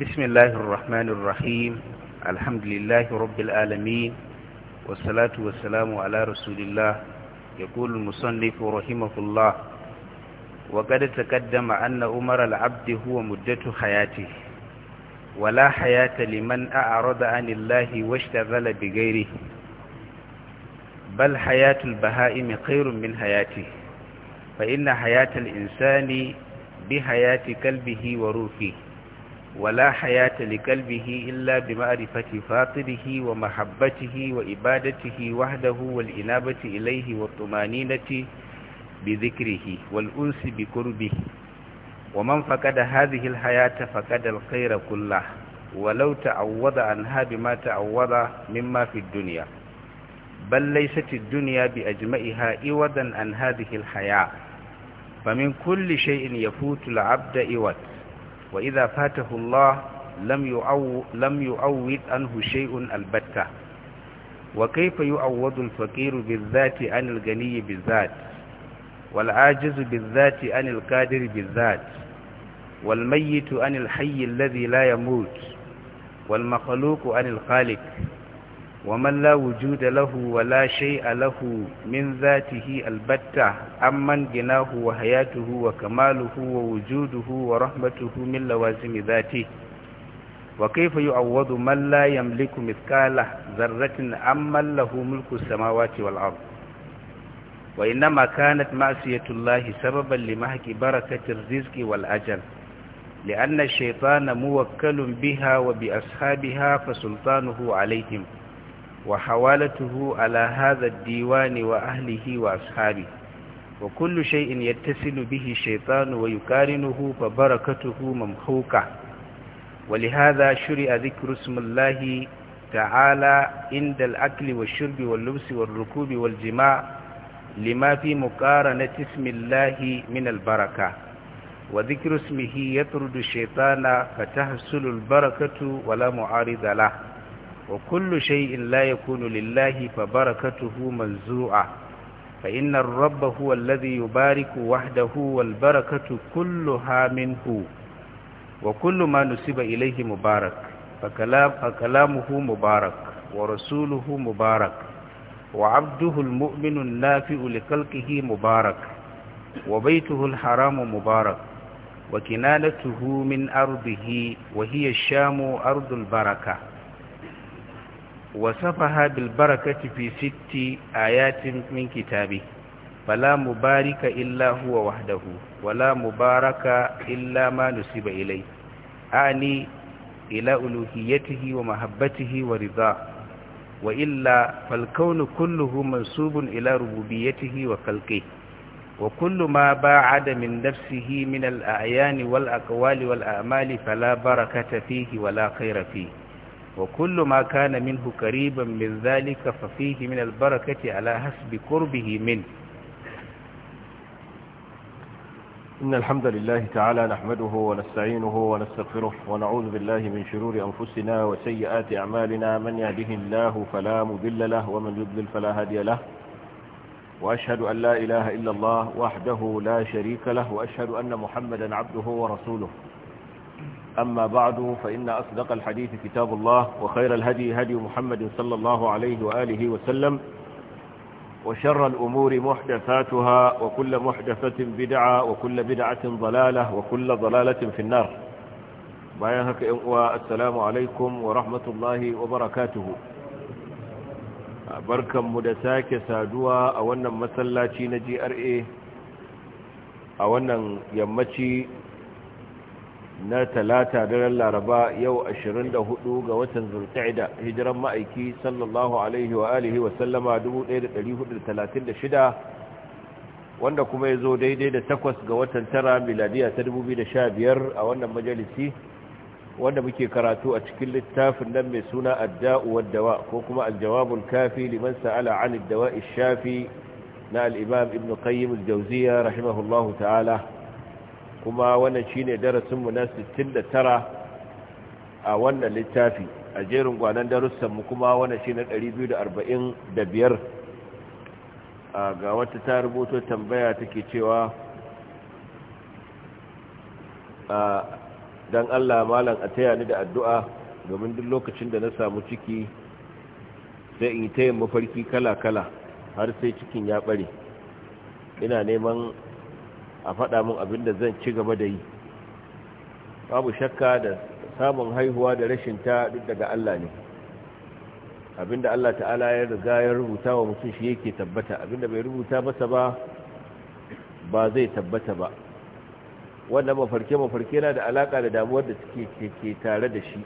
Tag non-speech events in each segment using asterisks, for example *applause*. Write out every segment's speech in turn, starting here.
بسم الله الرحمن الرحيم الحمد لله رب العالمين والصلاة والسلام على رسول الله يقول المصنف رحمه الله وقد تقدم أن عمر العبد هو مدة حياته ولا حياة لمن أعرض عن الله واشتغل بغيره بل حياة البهائم خير من حياته فإن حياة الإنسان بحياة كلبه وروحه ولا حياة لقلبه إلا بمعرفة فاطره ومحبته وإبادته وحده والإنابة إليه والطمانينة بذكره والأنس بقربه ومن فقد هذه الحياة فقد الخير كله ولو تعوض عنها بما تعوض مما في الدنيا بل ليست الدنيا بأجمعها إوضا عن هذه الحياة فمن كل شيء يفوت العبد إوضا وإذا فاته الله لم يعو لم يعوض عنه شيء البتة وكيف يعوض الفقير بالذات عن الغني بالذات والعاجز بالذات عن القادر بالذات والميت عن الحي الذي لا يموت والمخلوق عن الخالق ومن لا وجود له ولا شيء له من ذاته البتة أمن جناه وحياته وكماله ووجوده ورحمته من لوازم ذاته وكيف يعوض من لا يملك مثقال ذرة أمن له ملك السماوات والأرض وإنما كانت معصية الله سببا لمحك بركة الرزق والأجل لأن الشيطان موكل بها وبأصحابها فسلطانه عليهم وحوالته على هذا الديوان وأهله وأصحابه وكل شيء يتصل به الشيطان ويقارنه فبركته ممحوكة ولهذا شرع ذكر اسم الله تعالى عند الأكل والشرب واللبس والركوب والجماع لما في مقارنة اسم الله من البركة وذكر اسمه يطرد الشيطان فتحصل البركة ولا معارض له وكل شيء لا يكون لله فبركته منزوعة فإن الرب هو الذي يبارك وحده والبركة كلها منه وكل ما نسب إليه مبارك فكلام فكلامه مبارك ورسوله مبارك وعبده المؤمن النافع لخلقه مبارك وبيته الحرام مبارك وكنانته من أرضه وهي الشام أرض البركة وصفها بالبركة في ست آيات من كتابه فلا مبارك إلا هو وحده ولا مبارك إلا ما نسب إليه أعني إلى ألوهيته ومحبته ورضاه وإلا فالكون كله منسوب إلى ربوبيته وخلقه وكل ما باعد من نفسه من الأعيان والأقوال والأعمال فلا بركة فيه ولا خير فيه وكل ما كان منه قريبا من ذلك ففيه من البركة على حسب قربه منه إن الحمد لله تعالى نحمده ونستعينه ونستغفره ونعوذ بالله من شرور أنفسنا وسيئات أعمالنا من يهده الله فلا مضل له ومن يضلل فلا هادي له وأشهد أن لا إله إلا الله وحده لا شريك له وأشهد أن محمدا عبده ورسوله أما بعد فإن أصدق الحديث كتاب الله وخير الهدي هدي محمد صلى الله عليه وآله وسلم وشر الأمور محدثاتها وكل محدثة بدعة وكل بدعة ضلالة وكل ضلالة في النار بايهك والسلام عليكم ورحمة الله وبركاته بركة مدساك سادوا أولا مسلاتي نجي أرئي أولا يمتي na talata daren laraba yau 24 ga watan zulqa'ida hijiran ma'aiki sallallahu alaihi wa alihi wa sallama 1436 wanda kuma ya zo daidai da takwas ga watan tara miladiya ta 2015 a wannan majalisi wanda muke karatu a cikin littafin nan mai suna adda'u wad ko kuma al kafi liman sa'ala 'an ad-dawa'i shafi na al-imam ibn qayyim al-jawziyya rahimahullahu ta'ala kuma wannan shine darasin mu na 69 a wannan littafi a jerin gwanan mu kuma wannan shine 245 ga wata ta rubuto tambaya take cewa don Allah malam a taya ni da addu'a domin duk lokacin da na samu ciki sai in yi tayin mafarki kala-kala har sai cikin ya bare ina neman a faɗa min abin da zan ci gaba da yi babu shakka da samun haihuwa da rashin ta duk daga Allah ne abinda Allah ta'ala ya riga ya rubuta wa mutum shi yake tabbata abinda bai rubuta masa ba ba zai tabbata ba wannan mafarke mafarke na da alaka da damuwar da take ke tare da shi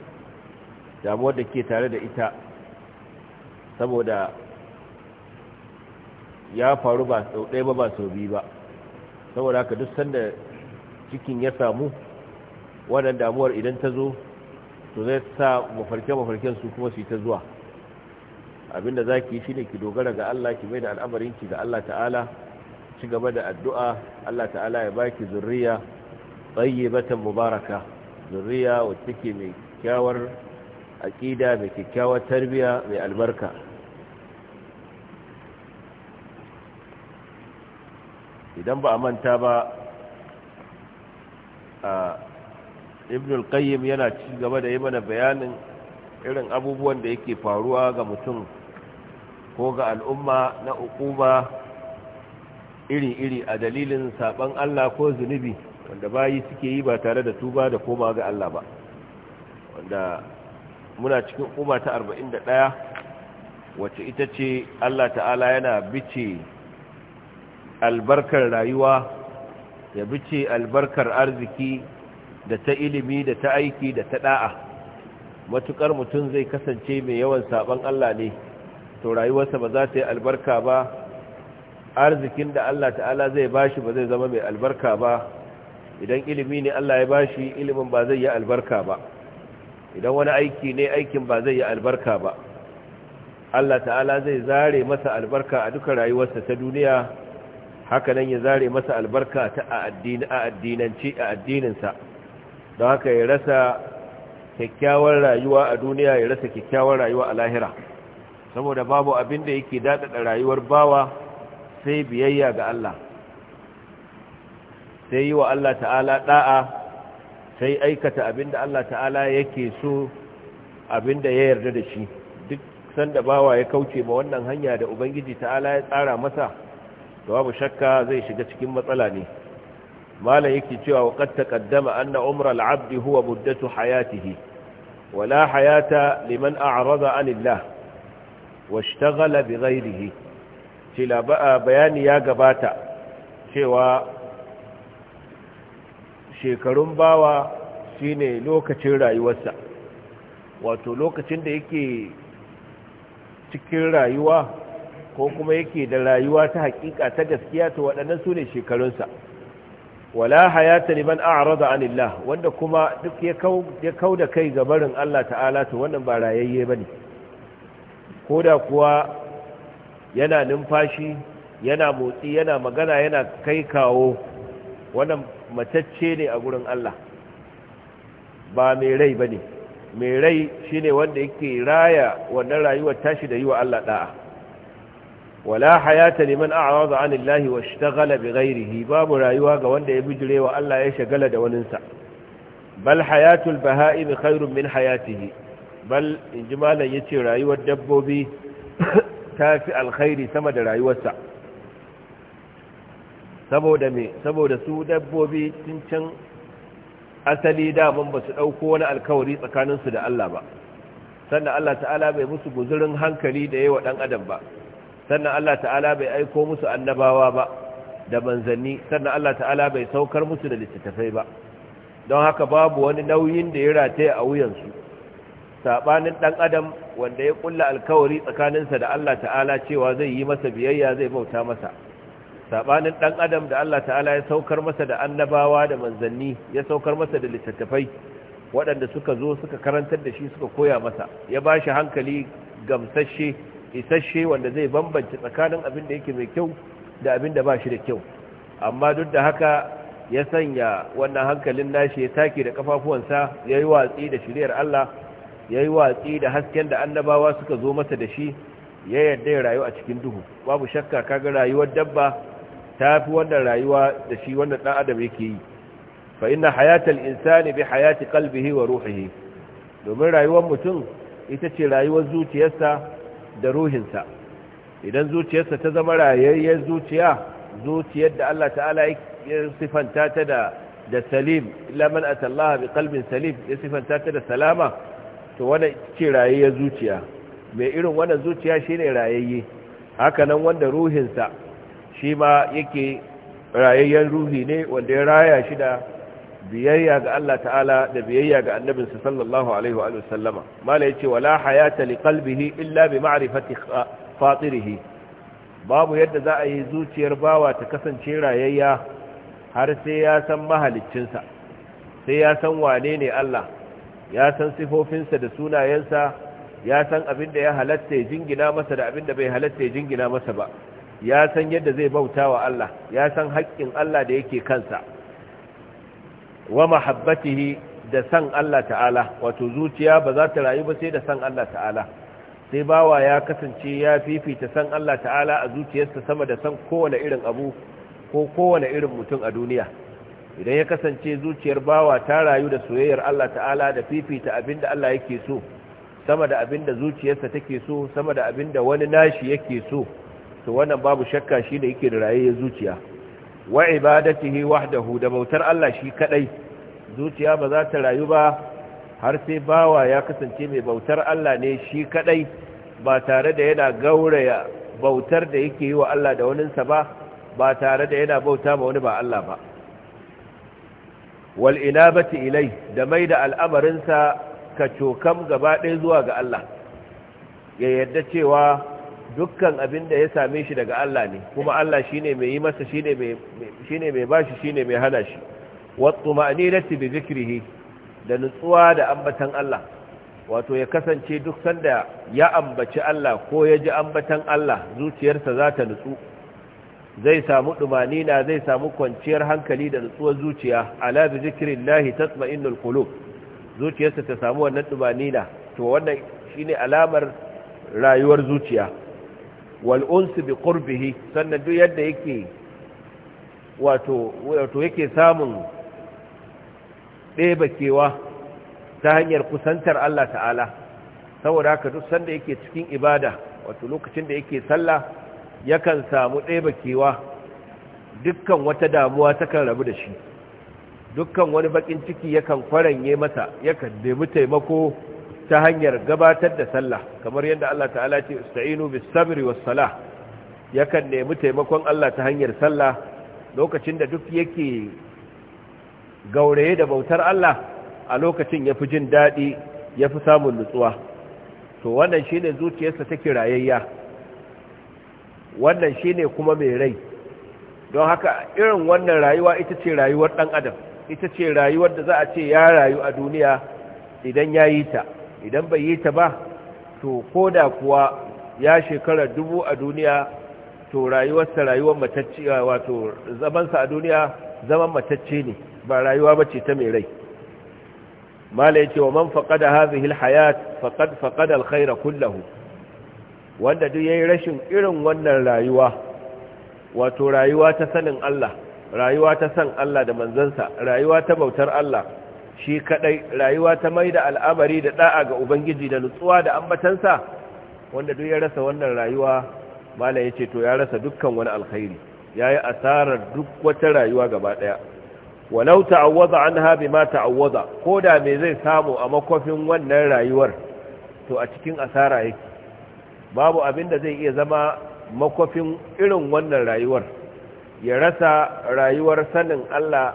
damuwar da ke tare da ita saboda ya faru ba sau ɗaya ba ba sau biyu ba saboda haka duk sanda cikin ya samu wannan damuwar idan ta zo to zai sa mafarke-mafarken su kuma su ta zuwa abinda za ki yi shi ne ki dogara ga Allah ki mai da ki ga Allah ta'ala ci gaba da addu'a Allah ta'ala ya baki zurriya batan mubaraka zurriya wacce ke mai kyawar aƙida mai kyakkyawar tarbiya mai albarka idan ba a manta ba a ibn al-qayyim yana ci gaba da yi mana bayanin irin abubuwan da yake faruwa ga mutum ko ga al'umma na ukuba iri-iri a dalilin saban Allah ko zunubi wanda bayi suke yi ba tare da tuba da koma ga Allah ba wanda muna cikin ukuba ta 41 wacce ita ce Allah ta'ala yana bice albarkar rayuwa ya bice albarkar arziki da ta ilimi da ta aiki da ta da'a matukar mutum zai kasance mai yawan saban Allah ne to rayuwarsa ba za ta yi albarka ba arzikin da Allah ta'ala zai bashi ba zai zama mai albarka ba idan ilimi ne Allah ya bashi ilimin ba zai yi albarka ba idan wani aiki ne aikin ba zai yi albarka ba Allah ta'ala zai zare masa albarka a duka rayuwarsa ta duniya haka nan ya zare masa albarka ta a addinanci a addininsa don haka ya rasa kyakkyawar rayuwa a duniya ya rasa kyakkyawar rayuwa a lahira saboda babu abin da yake daɗaɗa rayuwar bawa sai biyayya ga Allah sai yi wa Allah ta'ala ɗa'a sai aikata abin da Allah ta'ala yake so abin da ya yarda da shi duk sanda bawa ya kauce ma wannan hanya da Ubangiji ta'ala ya tsara masa to babu shakka zai shiga cikin matsala ne malam yake cewa wa qad taqaddama anna umra al-'abd huwa muddatu hayatihi wa la hayata liman a'rada 'anillah washtaghala bighayrihi ce bayani ya gabata cewa shekarun bawa shine lokacin rayuwarsa wato lokacin da yake cikin rayuwa ko kuma yake da rayuwa ta hakika ta gaskiya to waɗannan su ne shekarunsa wala hayata liman a'rada anillah wanda kuma duk ya kau ya kau da kai ga barin Allah ta'ala to wannan ba rayayye bane da kuwa yana numfashi yana motsi yana magana yana kai kawo wannan matacce ne a gurin Allah ba mai rai bane mai rai shine wanda yake raya wannan rayuwar tashi da yiwa Allah da'a wala hayata liman a'rada 'anillahi washtaghala bighairihi babu rayuwa ga wanda ya bijire wa Allah ya shagala da sa bal hayatul baha'im khairun min hayatihi bal injimalan yace rayuwar dabbobi tafi alkhairi sama da rayuwarsa saboda me saboda su dabbobi can asali daman ba su dauko wani alkawari tsakaninsu da Allah ba sannan Allah ta'ala bai musu guzurin hankali da yawa dan adam ba sannan Allah ta'ala bai aiko musu annabawa ba da manzanni sannan Allah ta'ala bai saukar musu da littattafai ba don haka babu wani nauyin da ya rataya a wuyansu sabanin ɗan adam wanda ya ƙulla alkawari tsakaninsa da Allah ta'ala cewa zai yi masa biyayya zai bauta masa sabanin ɗan adam da Allah ta'ala ya saukar masa da annabawa da manzanni ya saukar masa da littattafai waɗanda suka zo suka karantar da shi suka koya masa ya ba shi hankali gamsasshe isasshe wanda zai bambanci tsakanin abin da yake mai kyau da abin da ba shi da kyau amma duk da haka ya sanya wannan hankalin nashi ya take da kafafuwansa ya yi watsi da shiriyar Allah ya yi watsi da hasken da annabawa suka zo masa da shi ya yarda ya rayu a cikin duhu babu shakka kaga rayuwar dabba ta fi wannan rayuwa da shi wannan ɗan adam yake yi fa inna hayatal insani bi hayati qalbihi wa ruhihi domin rayuwar mutum ita ce rayuwar zuciyarsa da ruhinsa idan zuciyarsa ta zama rayayyar zuciya zuciyar da Allah ta'ala ya sifanta ta da da salim illa man atallaha bi qalbin salim ya sifanta ta da salama to wannan ce rayayyar zuciya mai irin wannan zuciya shine rayayye haka nan wanda ruhinsa shi ma yake rayayyen ruhi ne wanda ya raya shi da biyayya ga Allah ta'ala da biyayya ga annabinsa sallallahu alaihi wa sallama mala yace wala hayata li qalbihi illa bi ma'rifati fatirihi babu yadda za a yi zuciyar bawa ta kasance rayayya har sai ya san mahaliccinsa sai ya san wane ne Allah ya san sifofinsa da sunayensa ya san abin da ya halatta ya jingina masa da abin da bai halatta ya jingina masa ba ya san yadda zai bauta wa Allah ya san haƙƙin Allah da yake kansa wa mahabbatihi da san Allah ta'ala wato zuciya ba za ta rayu ba sai da san Allah ta'ala sai bawa ya kasance ya fifita san Allah ta'ala a zuciyarsa sama da san kowane irin abu ko kowane irin mutum a duniya idan ya kasance zuciyar bawa ta rayu da soyayyar Allah ta'ala da fifita abin da Allah yake so sama da abin da zuciyarsa take so sama da abin da wani nashi yake so to wannan babu shakka shi da yake da rayayyar zuciya wa ibadatihi wahdahu da bautar Allah shi kadai zuciya ba za ta rayu ba har sai bawa ya kasance mai bautar Allah ne shi kadai ba tare da yana gauraya bautar da yake yi wa Allah da waninsa ba ba tare da yana bauta ma wani ba Allah ba wal inabati ilai da mai da al'amarinsa ka cokam gaba ɗaya zuwa ga Allah ya yarda cewa dukkan abin da ya same shi daga Allah ne kuma Allah shine mai yi masa shine mai shine mai bashi shine mai hana shi wattuma'ninati bi zikrihi da nutsuwa da ambatan Allah wato ya kasance duk sanda ya ambaci Allah ko ya ji ambatan Allah zuciyarsa za ta nutsu zai samu dumanina zai samu kwanciyar hankali da nutsuwar zuciya ala bi zikrillahi tatma'innul qulub zuciyarsa ta samu wannan dumanina to wannan shine alamar rayuwar zuciya wal'unsu bi ƙurbihi sannan duk yadda yake wato yake samun ɗeba kewa ta hanyar kusantar Allah ta'ala saboda haka duk sanda yake cikin ibada wato lokacin da yake sallah yakan samu ɗeba kewa dukkan wata damuwa takan rabu da shi dukkan wani bakin ciki yakan kwaranye masa yakan nemi taimako ta hanyar gabatar da sallah kamar yadda Allah ta'ala ce usta'inu bis sabri was salah yakan nemi taimakon Allah ta hanyar sallah lokacin da duk yake gauraye da bautar Allah a lokacin yafi jin dadi yafi samun nutsuwa to wannan shine zuciyarsa take rayayya wannan shine kuma mai rai don haka irin wannan rayuwa ita ce rayuwar dan adam ita ce rayuwar da za a ce ya rayu a duniya idan yayi ta idan bai yi ta ba to ko da kuwa ya shekara dubu a duniya to rayuwarsa rayuwar matacce wato zamansa a duniya zaman matacce ne ba rayuwa ba ce ta mai rai mala ce wa man faqada hadhihi alhayat faqad faqada alkhair kullahu wanda duk yayi rashin irin wannan rayuwa wato rayuwa ta sanin Allah rayuwa ta san Allah da manzansa rayuwa ta bautar Allah shi kadai rayuwa ta mai da al'amari da da'a ga ubangiji da nutsuwa da ambatansa wanda duk ya rasa wannan rayuwa mala yace to ya rasa dukkan wani alkhairi yayi asarar duk wata rayuwa gaba daya walau ta'awwaza anha bima ta'awwaza da me zai samu a makofin wannan rayuwar to a cikin asara yake babu abin da zai iya zama makofin irin wannan rayuwar ya rasa rayuwar sanin Allah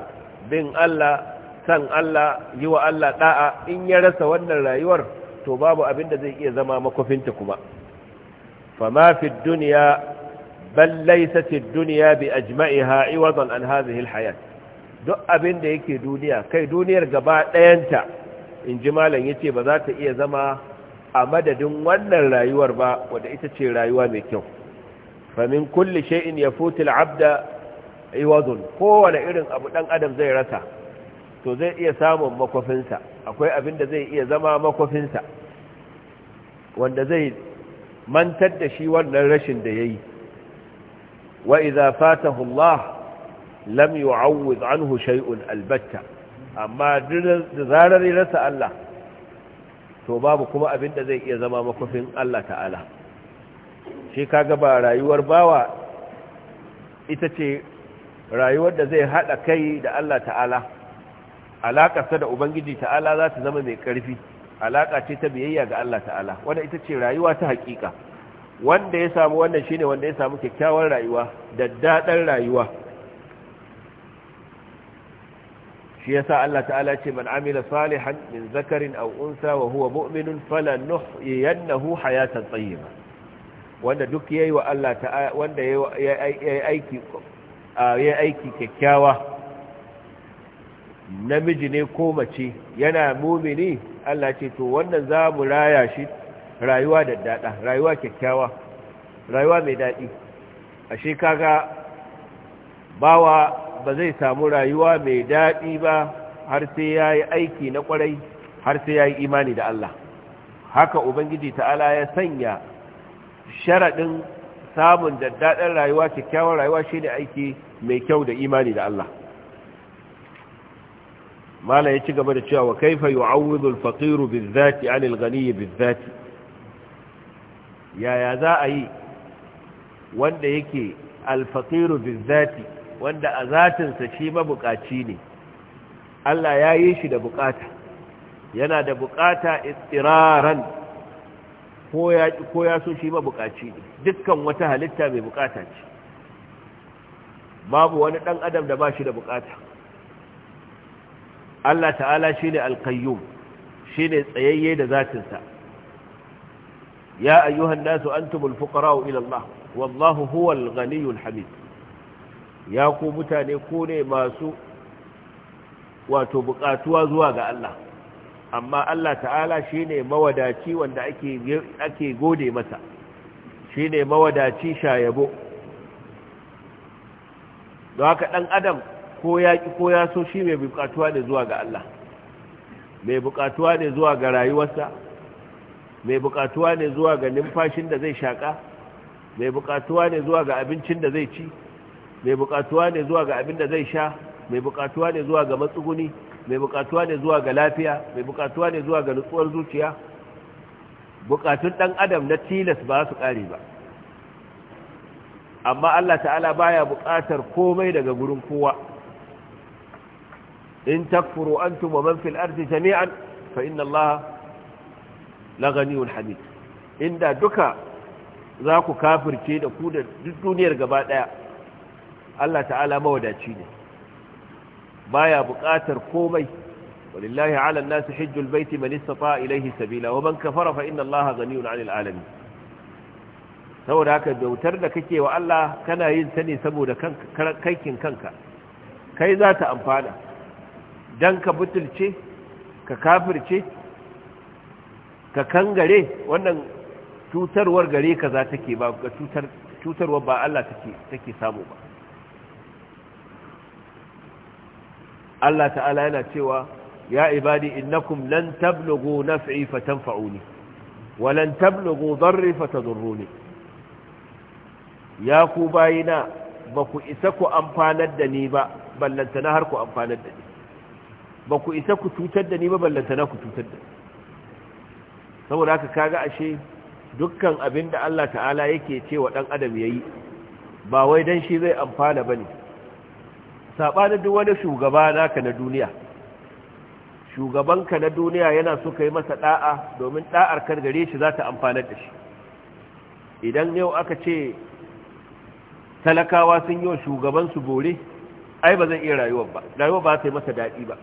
bin Allah san Allah yi wa Allah ɗa'a in ya rasa wannan rayuwar to babu abin da zai iya zama makofinta kuma fama fi duniya bal bi ajma'iha iwadan an hadhihi al-hayat duk abin da yake duniya kai duniyar gaba dayanta inji malam yace ba za ta iya zama a madadin wannan rayuwar ba wanda ita ce rayuwa mai kyau famin kulli shay'in ya al-'abda iwadun kowane irin abu dan adam zai rasa to zai iya samun makwafinsa akwai abin da zai iya zama makwafinsa wanda zai mantar da shi wannan rashin da ya yi wa iza fatahu Allah lam yu'awwid anhu shay'un albatta amma da zarar ya rasa Allah to babu kuma abin da zai iya zama makwafin, Allah ta'ala shi kaga ba rayuwar bawa ita ce rayuwar da zai hada kai da Allah ta'ala alaƙarsa da ubangiji ta'ala za ta zama mai ƙarfi alaƙa ce ta biyayya ga Allah ta'ala wanda ita ce rayuwa ta haƙiƙa wanda ya samu wannan ne wanda ya samu kyakkyawar rayuwa da daɗar rayuwa shi yasa Allah ta'ala ce man amila salihan min zakarin aw unsa wa huwa mu'minun falanuhyiyannahu hayatan tayyiba wanda duk yayi wa Allah ta'ala wanda yayi aiki yayi aiki kyakkyawa namiji ne ko mace yana mumini Allah ce to wannan za mu raya shi rayuwa da daɗa rayuwa kyakkyawa rayuwa mai daɗi ashe kaga bawa ba zai samu rayuwa mai daɗi ba har sai ya yi aiki na kwarai har sai ya yi imani da Allah haka ubangiji ta'ala ya sanya sharaɗin samun daddaɗar rayuwa kyakkyawar rayuwa shi ne aiki mai kyau da imani da Allah Malam ya ci gaba da cewa wa kaifa yu'awwidhu al-faqiru bizati 'anil ghani bizati yaya za a yi wanda yake al-faqiru bizati wanda a zatinsa shi mabukaci ne Allah ya yi shi da bukata yana da bukata istiraran ko ya ko ya so shi mabukaci ne dukkan wata halitta mai bukata ce babu wani dan adam da ba shi da bukata Allah ta'ala shi ne alkayyum shi ne tsayayye da zatinsa ya ayyuhan nasu an tumul fuƙara'u ilallah wallahu huwal ganiyun hamid ya ku mutane ku ne masu wato buƙatuwa zuwa ga Allah amma Allah ta'ala shi ne mawadaci wanda ake gode masa shi ne mawadaci shayabo don haka ɗan adam ko ya ki ko ya so shi mai bukatuwa da zuwa ga Allah mai bukatuwa ne zuwa ga rayuwarsa mai bukatuwa ne zuwa ga numfashin da zai shaka mai bukatuwa ne zuwa ga abincin da zai ci mai bukatuwa ne zuwa ga abin da zai sha mai bukatuwa ne zuwa ga matsuguni mai bukatuwa ne zuwa ga lafiya mai bukatuwa ne zuwa ga nutsuwar zuciya bukatun dan adam na tilas ba su kare ba amma Allah ta'ala baya bukatar komai daga gurin kowa in takfuru antum wa man fil jami'an fa inna Allah la ghaniyun hamid inda duka za ku kafirce da ku da duk duniyar gaba daya Allah ta'ala mawadaci ne baya buƙatar komai ولله على الناس حج البيت من استطاع إليه سبيلا ومن كفر فإن الله غني عن العالمين saboda haka bautar da kake wa Allah kana yin sani ne saboda kanka kanka kai za ta amfana don ka butulce ka kafirce ka kangare wannan cutarwar gare ka za take ba ga cutarwar ba Allah take samu ba Allah ta'ala yana cewa ya ibadi innakum lan tablughu naf'i fatanfa'uni wa lan tablughu darri fatadurruni ya ku bayina ba ku isa ku amfanar da ni ba ballantana har ku amfanar da ni ba ku isa ku cutar da ni ba ballanta na ku cutar da saboda haka kaga ashe dukkan abin da Allah ta'ala yake cewa wa ɗan adam yayi ba wai dan shi zai amfana ba ne saɓanin duk wani shugaba naka na duniya shugabanka na duniya yana so ka yi masa ɗa'a domin ɗa'ar kar gare shi za ta amfanar da shi idan yau aka ce talakawa sun yi wa su bore ai ba zan iya rayuwar ba rayuwar ba ta yi masa daɗi ba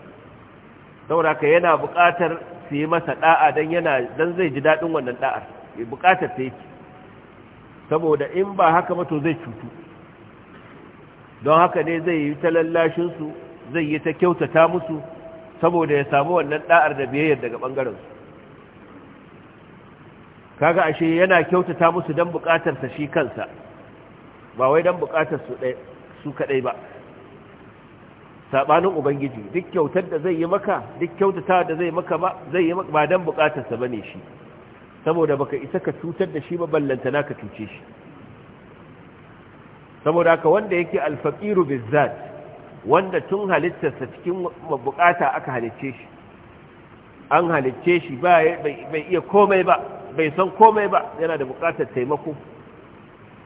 saboda ka yana buƙatar su yi masa ɗa'a don yana don zai ji daɗin wannan ɗa'ar ya buƙatar ta yake saboda in ba haka mato zai cutu don haka ne zai yi ta lallashin zai yi ta kyautata musu saboda ya samu wannan ɗa'ar da biyayyar daga ɓangarensu kaga ashe yana kyautata musu don buƙatar shi kansa ba wai don buƙatar su kaɗai ba sabanin ubangiji duk kyautar da zai yi maka duk kyautata da zai maka ba zai yi ba dan bukatar sa bane shi saboda baka isa ka cutar da shi ba ballanta naka tuce shi saboda haka wanda yake alfaqiru bizzat wanda tun halittar sa cikin bukata aka halicce shi an halicce shi ba bai iya komai ba bai san komai ba yana da bukatar taimako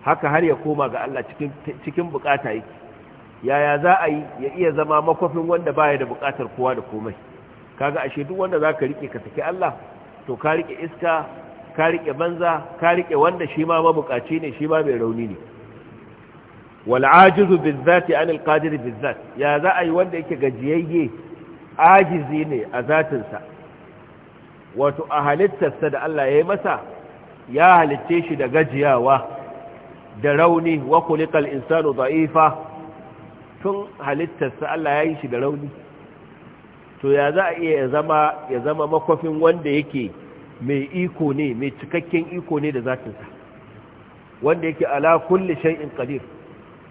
haka har ya koma ga Allah cikin cikin bukata yake yaya za a yi ya iya zama makwafin wanda baya da bukatar kowa da komai kaga ashe duk wanda zaka rike ka saki Allah to ka rike iska ka rike banza ka rike wanda shi ma mabukaci ne shi ma mai rauni ne wal ajizu bizati an al qadir bizat ya za a yi wanda yake gajiyayye ajizi ne a zatin sa wato a halittarsa da Allah ya yi masa ya halitte shi da gajiyawa da rauni wa kulikal insanu da'ifa tun halittarsa Allah ya yi shi da rauni to ya za a iya ya zama ya zama makwafin wanda yake mai iko ne mai cikakken iko ne da zatinsa wanda yake ala kulli shay'in qadir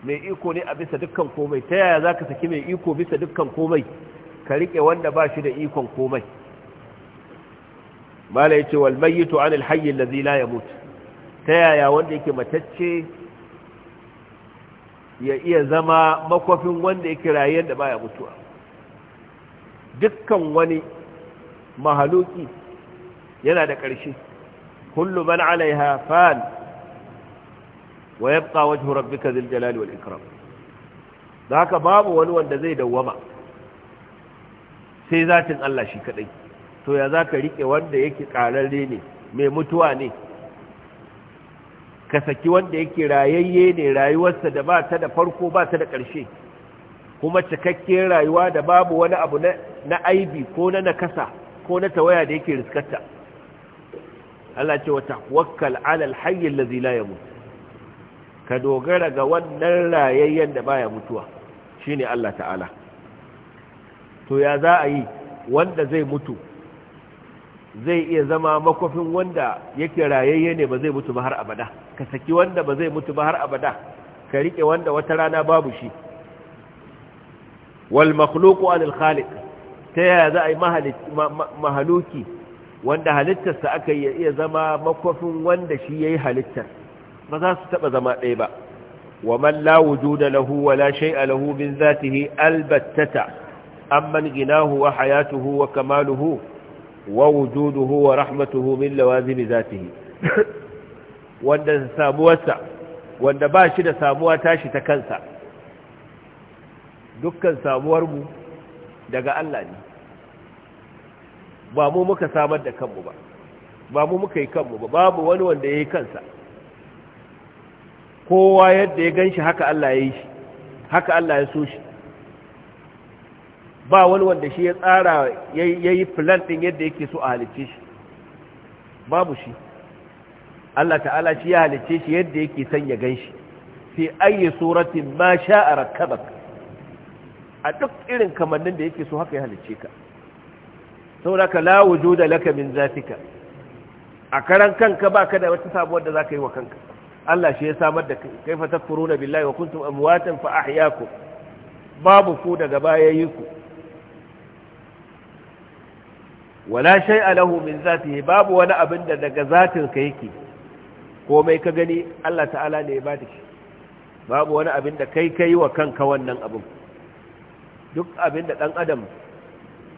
mai iko ne a bisa dukkan komai ta yaya zaka saki mai iko bisa dukkan komai ka rike wanda ba shi da ikon komai mala yace wal mayyitu anil hayy alladhi la yamut ta yaya wanda yake matacce ya iya zama makwafin wanda yake rayuwar da baya mutuwa dukkan wani mahaluki yana da ƙarshe kullu man alaiha fan wa yabqa wajhu rabbika dhil jalali wal ikram da haka babu wani wanda zai dawwama sai zatin Allah shi kadai to ya zaka rike wanda yake kararre ne mai mutuwa ne ka saki wanda yake rayayye ne rayuwarsa da ba ta da farko ba ta da ƙarshe kuma cikakken rayuwa da babu wani abu na aibi ko na nakasa ko na tawaya da yake riskata Allah ce wata wakkal alal hayyin lazi la yamut ka dogara ga wannan rayayyen da baya mutuwa shine Allah ta'ala to ya za a yi wanda zai mutu zai iya zama makwafin wanda yake rayayye ne ba zai mutu ba har abada ka saki wanda ba zai mutu ba har abada ka rike wanda wata rana babu shi wal makhluqu anil khaliq ta yaya za a yi mahaluki wanda halittarsa aka yi iya zama makwafin wanda shi yayi halittar ba za su taba zama ɗaya ba wa man la wujuda lahu wa la shay'a lahu min zatihi albattata amman ginahu wa hayatuhu wa kamaluhu ووجوده ورحمته من لوازم ذاته wanda samuwarsa wanda ba shi da samuwa tashi ta kansa dukkan samuwarmu daga Allah ne ba mu muka samar da kanmu ba ba mu muka yi kanmu ba babu wani wanda ya yi kansa kowa yadda ya gan shi haka Allah ya yi shi haka Allah ya so shi ba wani wanda shi ya tsara ya yi filan ɗin yadda yake so a halicce shi babu shi Allah ta'ala shi ya halicce shi yadda yake son ya gan shi fi ayi suratin ma sha'a rakabak a duk irin kamannin da yake so haka ya halicce ka sauraka la wujuda laka min zatika a karan kanka ka da wata sabuwar da zaka yi wa kanka Allah shi ya samar da kai kaifa takfuruna billahi wa kuntum amwatan fa ahyaakum babu ku daga baya yi ku wala shai alahu min zatihi babu wani abin da daga zatin ka yake komai ka gani Allah ta'ala ne ya bada shi babu wani abin da kai kai wa kanka wannan abin duk abin da dan adam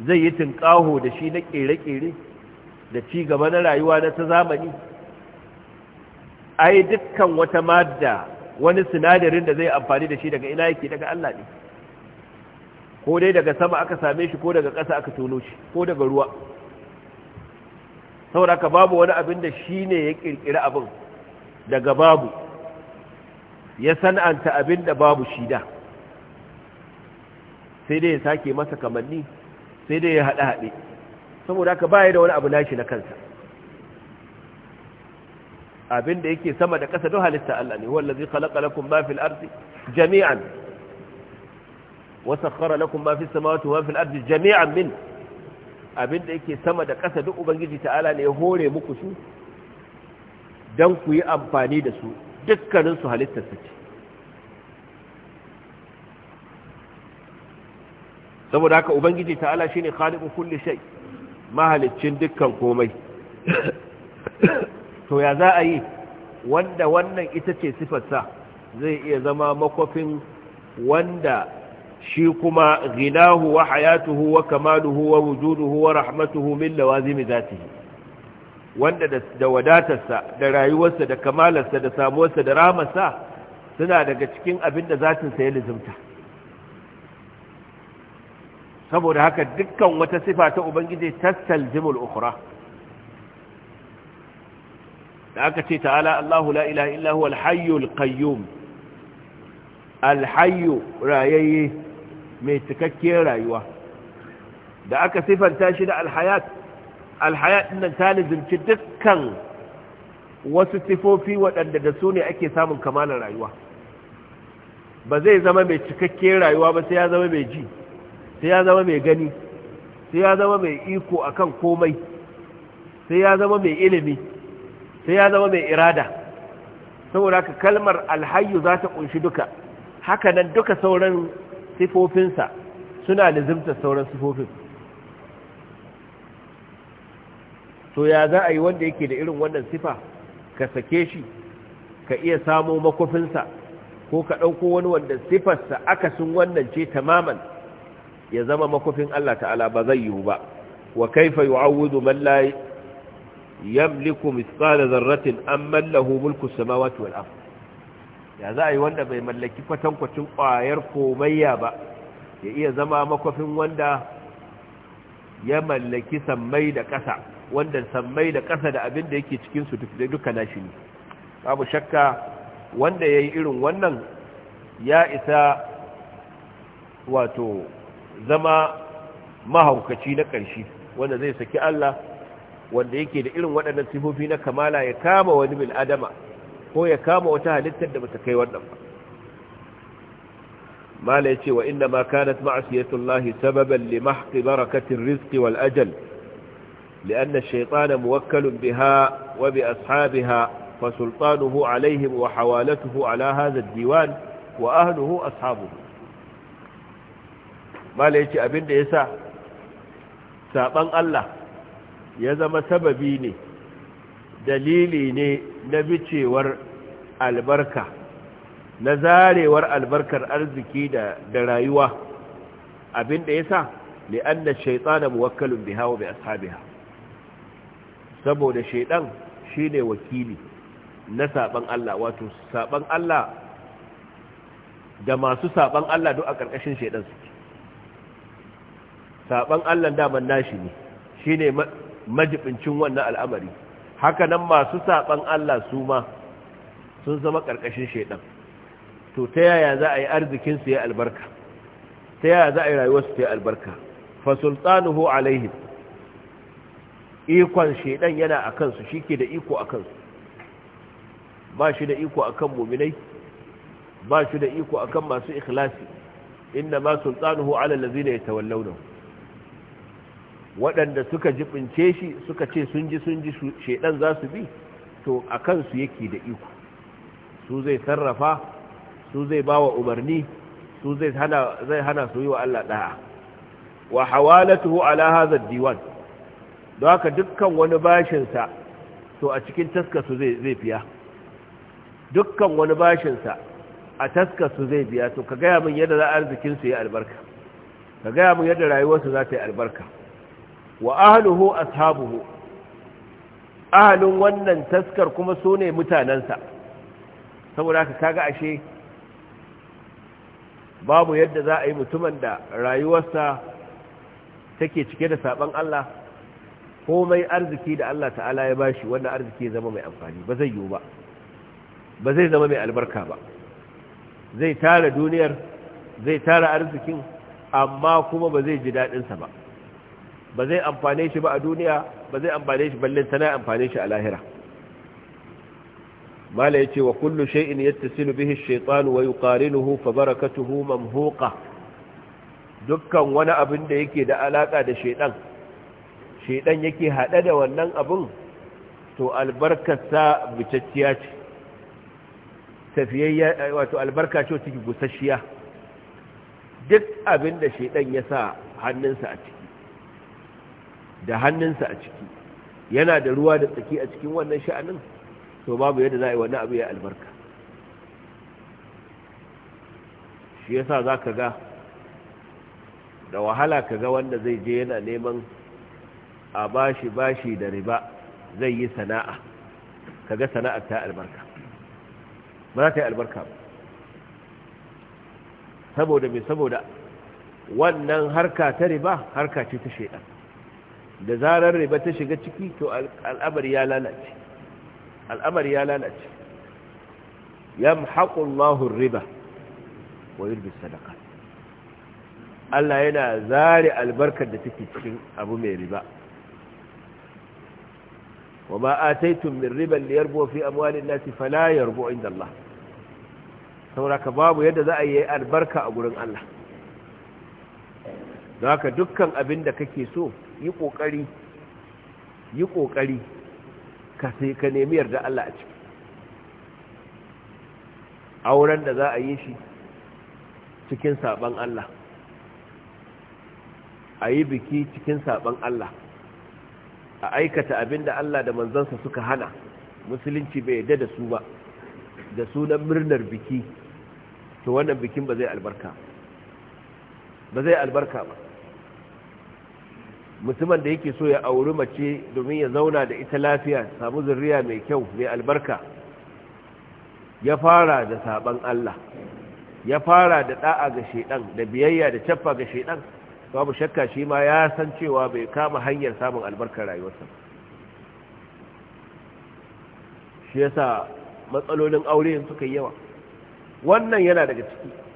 zai yi tinkaho da shi na kere-kere da ci gaba na rayuwa na ta zamani ai dukkan wata madda wani sinadarin da zai amfani da shi daga ina yake daga Allah ne ko dai daga sama aka same shi ko daga ƙasa aka tono shi ko daga ruwa saboda haka babu wani abin da shi ne ya kirkiri abin daga babu ya san'anta abin da babu shi da sai dai ya sake masa kamanni sai dai ya haɗe-haɗe saboda haka baya da wani abu nashi na kansa abin da yake sama da ƙasa don halitta Allah ne wallazi khalaqa lakum ma fil ardi jami'an wa sakhkhara lakum ma fis samawati wa fil ardi jami'an min Abinda yake sama da ƙasa duk ubangiji ta'ala ne ya hore muku su don ku yi amfani da su dukkaninsu halittarsa ce saboda haka ubangiji ta'ala shi ne khaliqu kulle shai mahaliccin dukkan komai to ya za a yi wanda wannan ita ce sifarsa zai iya zama makofin wanda shi kuma ginahu wa hayatuhu wa kamaluhu wa wujuduhu wa rahmatuhu min lawazimi zatihi wanda da wadatarsa da rayuwarsa da kamalarsa da samuwarsa da ramarsa suna daga cikin abin da sa ya lizimta saboda haka dukkan wata sifa ta ubangiji tastalzimul ukhra da aka ce ta'ala Allahu la ilaha illa huwal hayyul qayyum al hayyu mai cikakkiyar rayuwa da aka sifanta shi da alhayat alhayat nan ta lizinci dukkan wasu sifofi waɗanda da su ne ake samun kamalar rayuwa ba zai zama mai cikakkiyar rayuwa ba sai ya zama mai ji sai ya zama mai gani sai ya zama mai iko akan komai sai ya zama mai ilimi sai ya zama mai irada saboda ka kalmar alhayu za ta kunshi duka haka nan duka sauran sifofinsa suna lizimta sauran sifofin to ya za a yi wanda yake da irin wannan sifa ka sake shi ka iya samo makofinsa ko ka ɗauko wani wanda sifarsa aka sun wannan ce tamaman ya zama makofin Allah ta'ala ba zai yiwu ba wa kaifa yu'awwidu man la yamliku mithqala dharratin amman lahu mulku samawati wal ardh ya za a yi wanda bai mallaki kwatankwacin ƙwayar komayya ba ya iya zama makwafin wanda ya mallaki sammai da ƙasa wanda sammai da ƙasa da abin da yake cikinsu duka nashi ne babu shakka wanda ya yi irin wannan ya isa wato zama mahaukaci na ƙarshe wanda zai saki Allah wanda yake da irin waɗannan sifofi na kamala ya kama wani bil'adama adama ko ya kama wata halittar da bata kai wannan ba mala yace wa inna ma kanat lahi sababan li mahqi barakatin rizqi wal ajal لأن الشيطان موكل بها وبأصحابها فسلطانه عليهم وحوالته على هذا الديوان وأهله أصحابه ما ليش أبن إيسا سابن الله يزم سببيني dalili ne na bicewar albarka na zarewar albarkar arziki da rayuwa Abin da ya sa li'anna shaitana muwakkalun biha wa bi ashabiha saboda shaitan shine wakili na saban Allah wato saban Allah da masu saban Allah duk a ƙarƙashin shaitan suke saban Allah daman nashi ne shine majibincin wannan al'amari haka nan masu saɓan Allah su ma sun zama ƙarƙashin shaidan to ta yaya za a yi arzikinsu ya albarka ta yaya za a yi rayuwarsu ta yi albarka fa fasultanuhu alaihim ikon shaidan yana a kansu shi ke da iko a kansu ba shi da iko a kan muminai ba shi da iko a kan masu ikhlasi inda ma sultanuhu ala lazina ya tawallau waɗanda suka jibince shi suka ce sun ji sun ji shaidan za su bi to a kansu yake da iko su zai sarrafa su zai ba wa umarni su zai hana su yi wa Allah ɗaya wa hawalatuhu ala hazar diwan don haka dukkan wani bashinsa to a cikin taskasu zai fiya dukkan wani bashinsa a taskasu zai biya to ka gaya min yadda za a arzikinsu ya albarka ka gaya min yadda rayuwarsu za ta yi albarka wa ahluhu ashabuhu ahalin wannan taskar kuma su ne mutanensa saboda haka kaga ashe babu yadda za a yi mutumin da rayuwarsa take cike da saban Allah komai arziki da Allah ta'ala ya bashi wannan arziki ya zama mai amfani ba zai yiwu ba ba zai zama mai albarka ba zai tara duniyar zai tara arzikin amma kuma ba zai ji daɗinsa ba ba zai amfane shi ba a duniya ba zai amfane shi balle tana amfane shi a lahira mala yace wa kullu shay'in yattasilu bihi ash-shaytan wa yuqarinuhu fa barakatuhu mamhuqa dukkan wani abin da yake da alaka da shaytan shaytan yake hada da wannan abin to albarkarsa bicacciya ce tafiyayya wato albarka ce take gusasshiya duk abin da shaytan ya sa hannunsa a ciki da hannunsa a ciki yana da ruwa da tsaki a cikin wannan sha'anin to babu yadda za a yi wani abu ya albarka shi yasa za ka ga da wahala ka ga wanda zai je yana neman a bashi bashi da riba zai yi sana'a ka ga sana'a ta albarka ba za ta yi albarka ba saboda mai saboda wannan harka ta riba harka ce ta shaidan da zarar riba ta shiga ciki to al'amari ya lalace al'amari ya lalace yamhaqu Allahu riba wa yurbi sadaqat Allah yana zare albarkar da take cikin abu mai riba wa ma ataitum min riban liyarbu fi amwalin nasi fala yarbu inda Allah sauraka babu yadda za a yi albarka a gurin Allah don haka dukkan abin da kake so yi kokari yi kokari ka sai ka nemi yarda Allah a ciki auren da za a yi shi cikin saban Allah a yi biki cikin saban Allah a aikata abin da Allah da manzansa suka hana musulunci bai yadda da su ba da sunan murnar biki to wannan bikin ba zai albarka ba zai albarka ba mutumin da yake so ya auri mace domin ya zauna da ita lafiya samu zurriya mai kyau mai albarka ya fara da saban Allah ya fara da da'a ga shedan da biyayya da caffa ga shedan babu shakka shi ma ya san cewa bai kama hanyar samun albarkar rayuwarsa shi yasa matsalolin aure suka yi yawa wannan yana daga ciki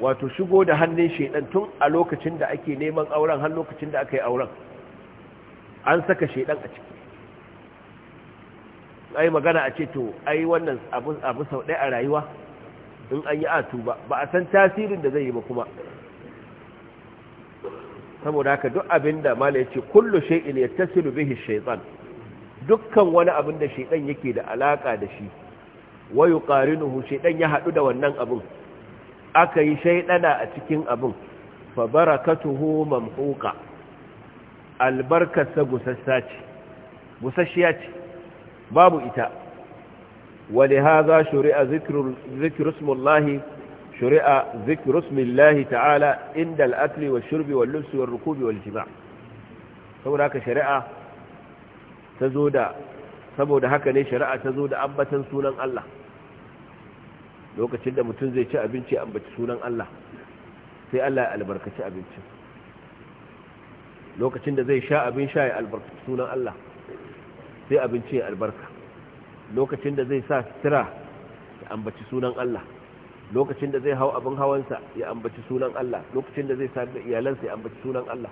wato shigo da hannun shaidan tun a lokacin da ake neman auren har lokacin da aka yi auren an saka shaidan a ciki ai magana a ce to ai wannan abu sau ɗaya a rayuwa in an yi atu ba ba a san tasirin da zai yi ba kuma saboda haka duk abin da mala ya ce kullu shay'in yattasilu bihi shaytan dukkan wani abin da shaytan yake da alaka da shi wa yuqarinuhu shaytan ya hadu da wannan abin aka yi shaidana a cikin abin fa barakatuhu mamhuqa albarkarsa gusassa ce gusasshiya ce babu ita Wani haza shuri'a zikru smullahi shuri'a zikru smillahi ta'ala inda al'akli wa shurbi wa lubsi wa rukubi wa jima' saboda haka shari'a ta zo da saboda haka ne shari'a ta zo da ambatan sunan Allah lokacin da mutum zai ci abinci an baci sunan Allah sai Allah ya albarkaci abincin lokacin da zai sha abin sha ya albarkaci sunan Allah sai abinci ya albarka lokacin da zai sa sutura ya ambaci sunan Allah lokacin da zai hau abin hawansa ya ambaci sunan Allah lokacin da zai sa da iyalansa ya ambaci sunan Allah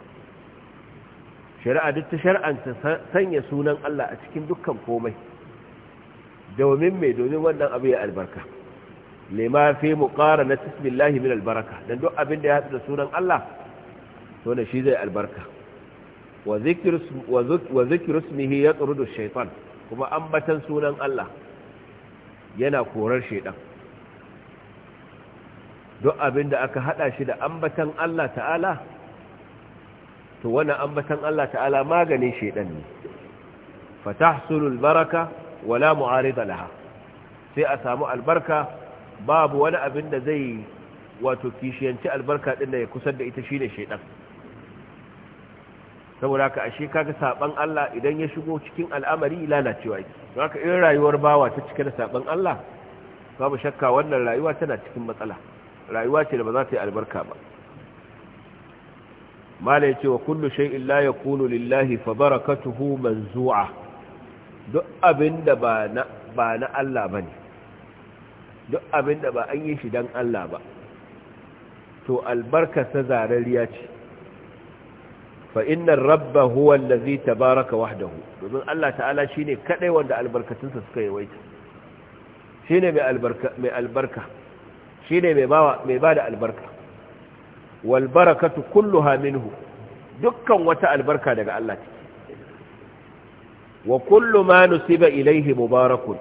shari'a duk ta shar'anta sanya sunan Allah a cikin dukkan komai domin mai domin wannan abu ya albarka lima fi mu ƙara na bismillahi min albarka, don duk abin da ya haɗu da sunan Allah to ne shi zai albarka wa zikru ya zikru da yatrudu kuma ambatan sunan Allah yana korar shaidan. duk abin da aka haɗa shi da ambatan Allah ta'ala to wani ambatan Allah ta'ala maganin shaydan ne fatahsulul baraka wala mu'arida laha sai a samu albarka babu wani abin da zai wato kishiyanci albarka din da ya kusar da ita shine shaidan saboda ka ashe kaga saban Allah idan ya shigo cikin al'amari lalacewa yake haka irin rayuwar bawa ta cike da saban Allah babu shakka wannan rayuwa tana cikin matsala rayuwa ce da ba za ta yi albarka ba mala yace wa kullu shay'in la yakunu lillahi fa barakatuhu manzu'a duk abinda ba na ba na Allah bane duk abin da ba an yi shi don Allah ba to albarkarsa zarariya ce fa innar rabba huwa allazi tabaraka wahdahu domin Allah ta'ala shine kadai wanda albarkatunsa suka yawaita shine mai albarka mai albarka shine mai bawa mai bada albarka wal barakatu kulluha minhu dukkan wata albarka daga Allah take wa kullu ma nusiba ilayhi mubarakun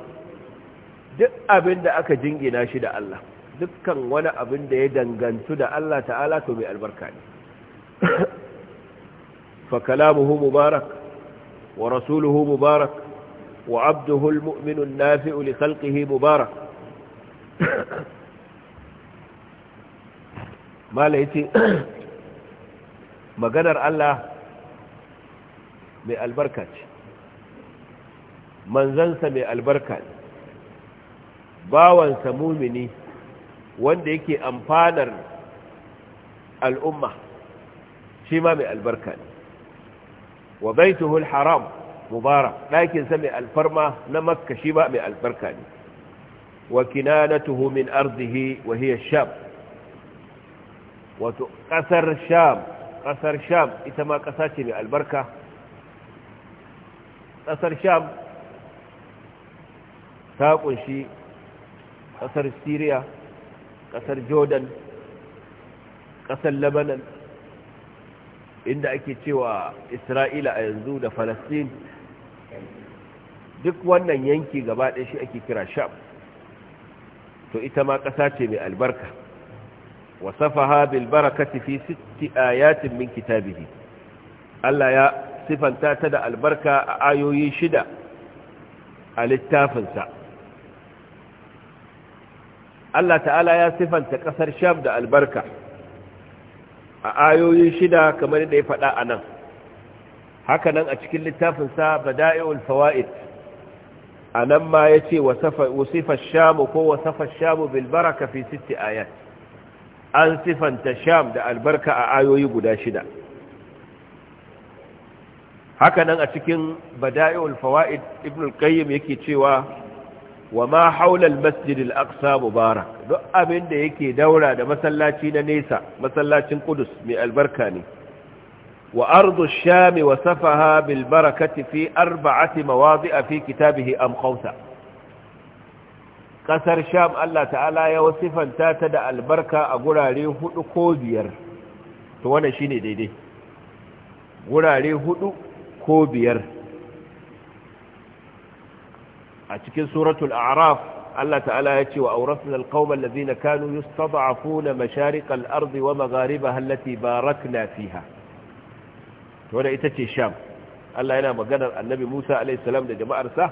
duk abin da aka jingina shi da Allah dukkan wani abin da ya dangantu da Allah ta'ala to mai albarka ne fa kalamuhu mubarak wa rasuluhu mubarak wa abduhu almu'minu an-nafi'u li khalqihi mubarak mala yace maganar Allah mai albarka ce manzansa mai albarka ne bawansa mumini wanda yake amfanar al'umma shi ma mai albarka ne wa baituhu al haram mubarak sa mai alfarma na makka shi ba mai albarka ne wa kinanatuhu min ardihi wa hiya sham wato ƙasar sham ƙasar sham ita ma ƙasa ce mai albarka ƙasar sham ta kunshi ƙasar syria ƙasar jordan ƙasar lebanon inda ake cewa isra'ila a yanzu da falastin duk wannan yanki gaba ɗaya shi ake kira sham to ita ma ƙasa ce mai albarka wasafaha bil barakati fi sitti ayatin min kitabihi Allah ya sifanta ta da albarka a ayoyi shida a littafinsa Allah ta'ala ya sifanta ƙasar sham da albarka a ayoyi shida kamar da ya faɗa a nan haka nan a cikin littafinsa bada'i'ul fawa'id anan ma ya ce wasifar shamu ko wasifar shamu bilbaraka fi sitti ayat an sifanta sham da albarka a ayoyi guda shida haka nan a cikin bada'i'ul fawa'id ibn al-qayyim yake cewa wa ma haulal masjidil aqsa mubarak duk abin da yake daura da masallaci na nesa masallacin kudus mai albarka ne wa ardu shami wa safaha bil barakati fi arba'ati mawadi'a fi kitabihi am khawsa kasar sham Allah ta'ala ya wasifanta ta da albarka a gurare hudu ko biyar to wannan shine daidai gurare hudu ko biyar a cikin suratul a'raf Allah ta'ala ya ce wa awrasna alqauman zina kanu yustad'afuna mashariqal ardi wa magharibaha allati barakna fiha to ita ce sham Allah yana maganar annabi Musa alaihi da jama'arsa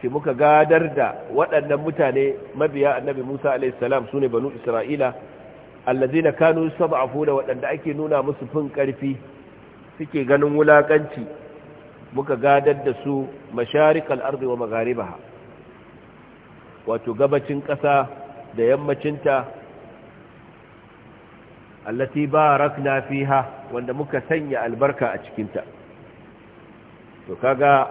sai muka gadar da waɗannan mutane mabiya annabi Musa alaihi su ne banu Isra'ila allazina kanu yustad'afuna waɗanda ake nuna musu fin karfi suke ganin wulakanci muka gadar da su masharikal ardi wa magharibaha wato gabacin ƙasa da yammacinta allati barakna fiha wanda muka sanya albarka a cikinta to kaga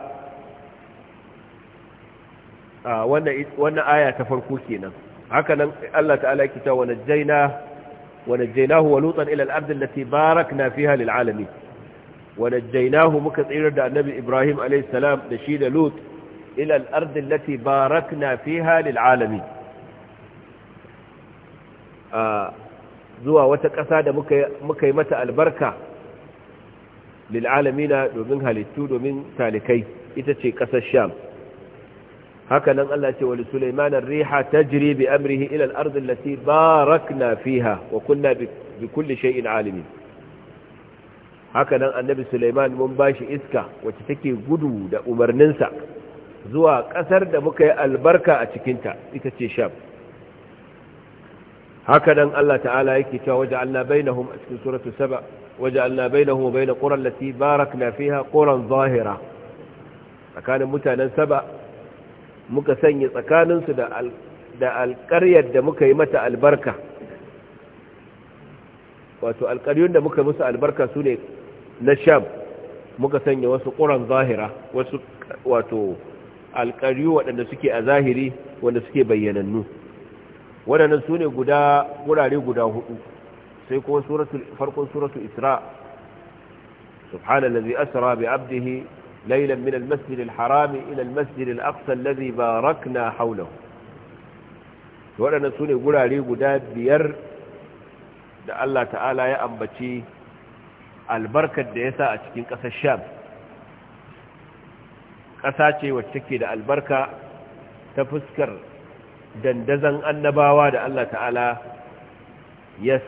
a wannan wannan aya ta farko kenan haka nan Allah ta'ala yake cewa najjayna wa najjaynahu wa lutan ila al-ardi allati barakna fiha lil alamin ونجيناه مكثيرا دا النبي da عليه السلام نشيد لوط إلى الأرض التي باركنا فيها للعالمين zuwa wata ƙasa da muka yi mata albarka na domin halittu domin talikai ita ce ƙasar sham haka nan Allah ce wani sulaimanar riha ta jiri bi amrihi ilal arzin lati barakna fiha wa kunna bi kulli shay'in alimin haka nan annabi Sulaiman mun bashi iska wacce take gudu da umarninsa zuwa ƙasar da muka yi albarka a cikinta ita ce sham haka nan Allah ta'ala yake cewa waje Allah bainahum a cikin suratu saba waje Allah bai na quran lati barakna fiha quran zahira tsakanin mutanen saba muka sanya tsakaninsu da da alƙaryar da muka yi mata albarka wato alƙaryun da muka musu albarka su ne na sham muka sanya wasu ƙuran zahira wasu wato alƙariyu waɗanda suke a zahiri wanda suke bayyanannu waɗannan su ne guda wurare guda hudu sai kuma farkon suratu isra subhanallazi asra bi abdihi laylan min almasjid alharam ila almasjid alaqsa allazi barakna hawlahu waɗannan su ne gurare guda biyar da Allah ta'ala ya ambaci albarkar da ya sa a cikin ƙasar sham ƙasa ce wacce take da albarka ta fuskar dandazan annabawa da Allah ta'ala ya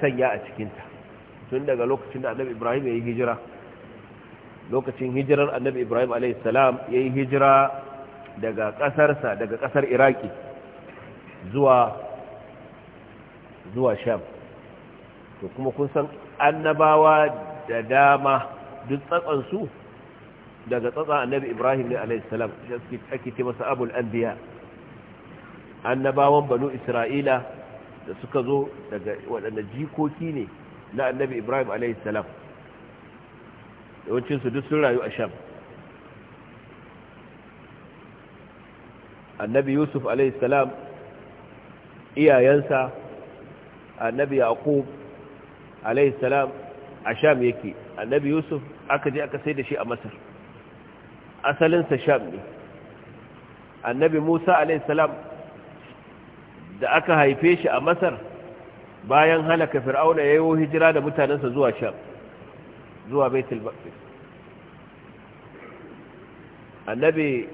sanya a cikinta tun daga lokacin da annabi ibrahim ya yi hijira lokacin hijirar annabi ibrahim alaihissalam ya yi hijira daga ƙasarsa daga ƙasar iraki zuwa zuwa sham to kuma kun san annabawa da dama duk su daga tsatsa annabi ibrahim ne alaihissalam shi ake ce masa abul anbiya annabawan banu isra'ila da suka zo daga waɗanda jikoki ne na annabi ibrahim alaihissalam yawancinsu duk sun rayu a sham annabi yusuf alaihissalam iyayensa annabi yaqub alaihi salam a sham yake annabi yusuf aka je aka sai da shi a masar asalinsa sham ne annabi musa alaihi salam da aka haife shi a masar bayan halaka fir'auna ya yi hijira da mutanensa zuwa sham zuwa baitul baqi annabi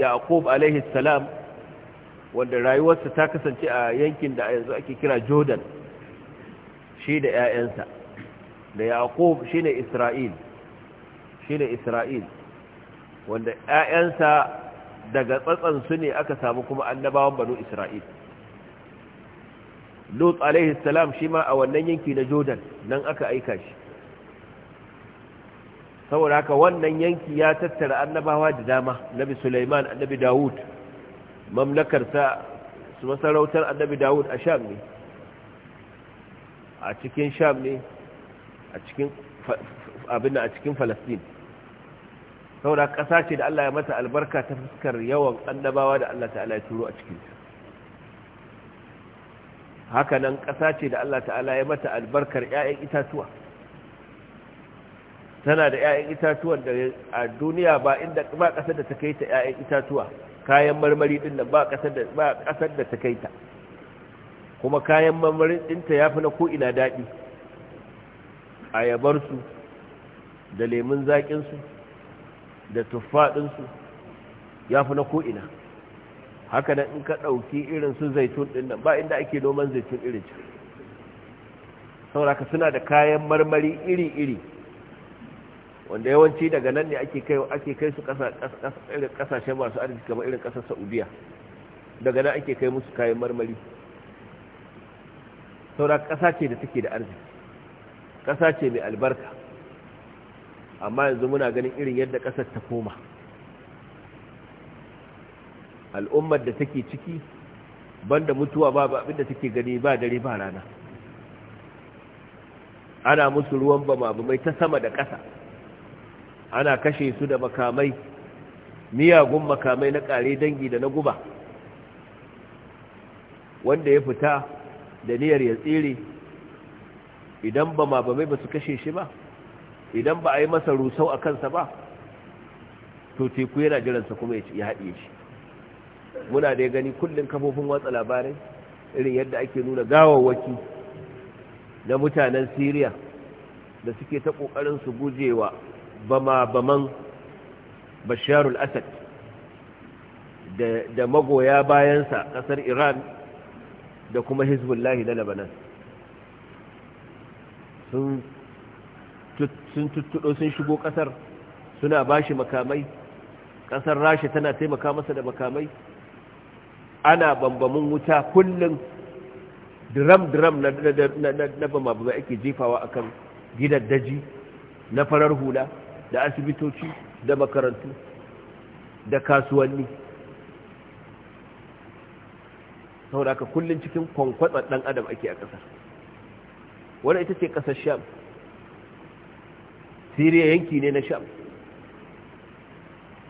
yaqub alaihi salam wanda rayuwarsa ta kasance a yankin da yanzu ake kira jordan shi da ‘ya'yansa da yaƙub shi ne isra'il shi ne isra'il wanda ‘ya'yansa daga tsatsansu ne aka samu kuma annabawan banu isra'il lut alaihi salam shi ma a wannan yanki na jordan nan aka aika shi saboda haka wannan yanki ya tattara annabawa da dama Nabi suleiman annabi dawud mamlakarsa su masarautar annabi dawud a sham ne a cikin sham ne a cikin abin a cikin falastin saboda ƙasa ce da Allah ya mata albarka ta fuskar yawan annabawa da Allah ta'ala ya turo a cikinta haka nan ƙasa ce da Allah ta'ala ya mata albarkar 'ya'yan itatuwa tana da 'ya'yan itatuwa da a duniya ba inda ba ƙasar da ta kai ta 'ya'yan itatuwa kayan marmari din da ba ƙasar da ba ƙasar da ta kai ta kuma kayan mamarin ɗinta ya fi na ko'ina daɗi ayabarsu da lemun zaƙinsu da tuffaɗinsu ya fi na ko'ina haka nan in ka ɗauki irin su zaitun ɗin nan ba inda ake noman zaitun irin ci sauraka suna da kayan marmari iri-iri wanda yawanci daga nan ne ake kai su ƙasashe masu arziki kamar irin kasar saudiya daga nan ake kai musu kayan marmari saura ƙasa ce da take da arziki ƙasa ce mai albarka amma yanzu muna ganin irin yadda ƙasar ta koma al'ummar da take ciki banda mutuwa babu abin da take gani ba dare ba rana ana musu ruwan bama mai ta sama da ƙasa ana kashe su da makamai miyagun makamai na ƙare dangi da na guba wanda ya fita da niyyar ya tsire idan ba ma ba mai ba su kashe shi ba idan ba a yi masa rusau a kansa ba to teku yana jiransa kuma ya haɗe shi muna da ya gani kullum kafofin watsa labarai irin yadda ake nuna gawawaki na mutanen siriya da suke ta ƙoƙarin su gujewa ba baman basharul asad da magoya bayansa ƙasar iran da kuma hezbollah na labanan sun tuttudo sun shigo kasar suna bashi makamai kasar rasha tana taimaka masa da makamai ana bambamin wuta kullum diram-diram na bambamai ake jefawa akan gidan daji na farar hula da asibitoci da makarantu da kasuwanni saboda haka kullum cikin kwankwatsar ɗan adam ake a ƙasar wadda ita ce ƙasar sham siriya yanki ne na sham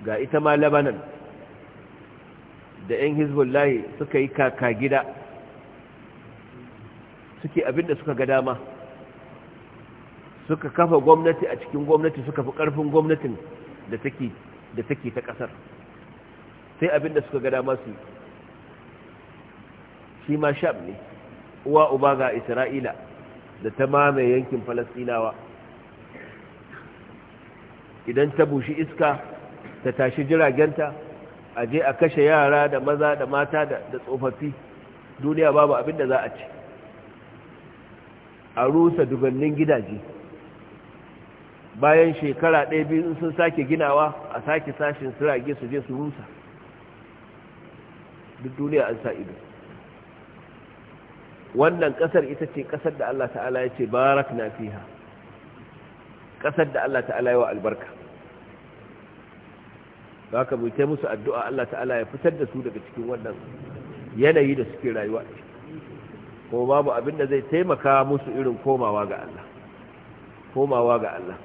ga ita ma labanan da 'yan hezbollahi suka yi kaka gida suke abinda suka ga dama suka kafa gwamnati a cikin gwamnati suka fi ƙarfin gwamnatin da take ta ƙasar sai abinda suka ga dama su yi shi ma sham ne uwa uba ga isra'ila da ta mamaye yankin falastinawa idan ta bushi iska ta tashi jiragenta a je a kashe yara da maza da mata da tsofaffi duniya babu abin da za a ci a rusa dubannin gidaje bayan shekara ɗaya biyu sun sake ginawa a sake sashen sirage su je su rusa duk duniya an sa ido wannan ƙasar ita ce ƙasar da Allah ta'ala ya ce barak na fiha ƙasar da Allah ta'ala ya wa albarka ba ka buta musu addu'a Allah ta'ala ya fitar da su daga cikin wannan yanayi da suke rayuwa ko babu abin da zai taimaka musu irin komawa ga Allah komawa ga Allah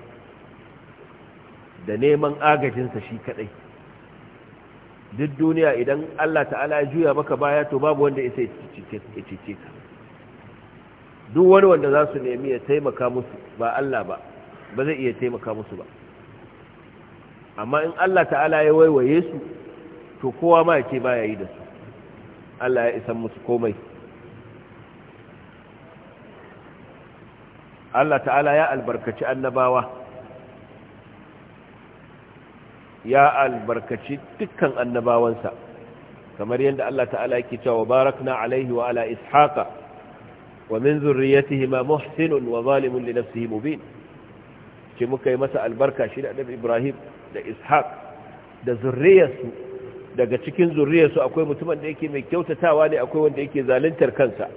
da neman agajinsa shi kadai duk duniya idan Allah ta'ala ya juya maka baya to babu wanda ya sai cece ka duk wani wanda za su nemi ya taimaka musu ba Allah ba ba zai iya taimaka musu ba amma in Allah ta'ala ya waiwaye su to kowa ma yake ya yi da su Allah ya isan musu komai Allah ta'ala ya albarkaci annabawa ya albarkaci dukkan annabawansa kamar yadda Allah ta'ala yake cewa barakna alaihi wa ala ishaqa wa min zurriyatihima muhsinun wa zalimun li nafsihi mubin ce muka yi masa albarka shi da annabi Ibrahim da Ishaq da zurriyarsu daga cikin zurriyarsu akwai mutumin da yake mai kyautatawa ne akwai wanda yake zaluntar kansa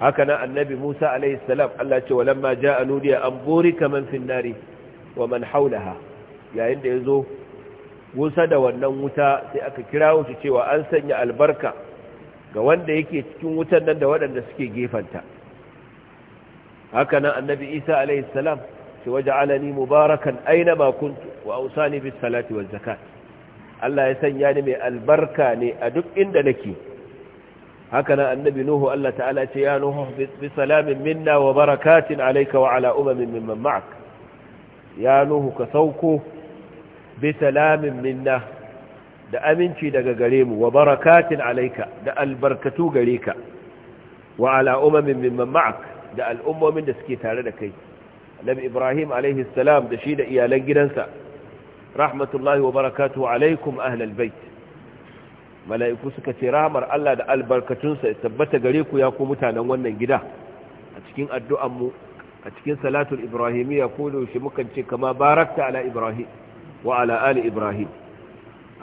hakanan annabi Musa alaihi salam Allah ce walamma jaa nudiya an burika man fin nari wa man haulaha yayin da ya zo musa da wannan wuta sai aka kirawo cewa an sanya albarka ga wanda yake cikin wutan nan da waɗanda suke gefanta haka nan annabi isa alaihi salam ce alani mubarakan aina ma kuntu wa ausani bis salati waz zakat Allah ya sanya ni mai albarka ne a duk inda nake haka nan annabi nuhu Allah ta'ala ce ya nuhu bi salamin minna wa barakatin alayka wa ala umamin mimman ma'ak ya nuhu ka sauko bi salamin minna da aminci daga gare mu wa barakatin alaika da albarkatu gare ka wa ala umamin mimman ma'ak da al'ummomin da suke tare da kai annabi ibrahim alayhi salam da shi da iyalan gidansa rahmatullahi wa barakatuhu alaikum ahlal bait mala'iku suka ce rahmar Allah da albarkatun sa tabbata gare ku ya ku mutanen wannan gida a cikin addu'an mu a cikin salatul ibrahimiyya ko da shi mukan ce kama barakta ala ibrahim wa ala ali ibrahim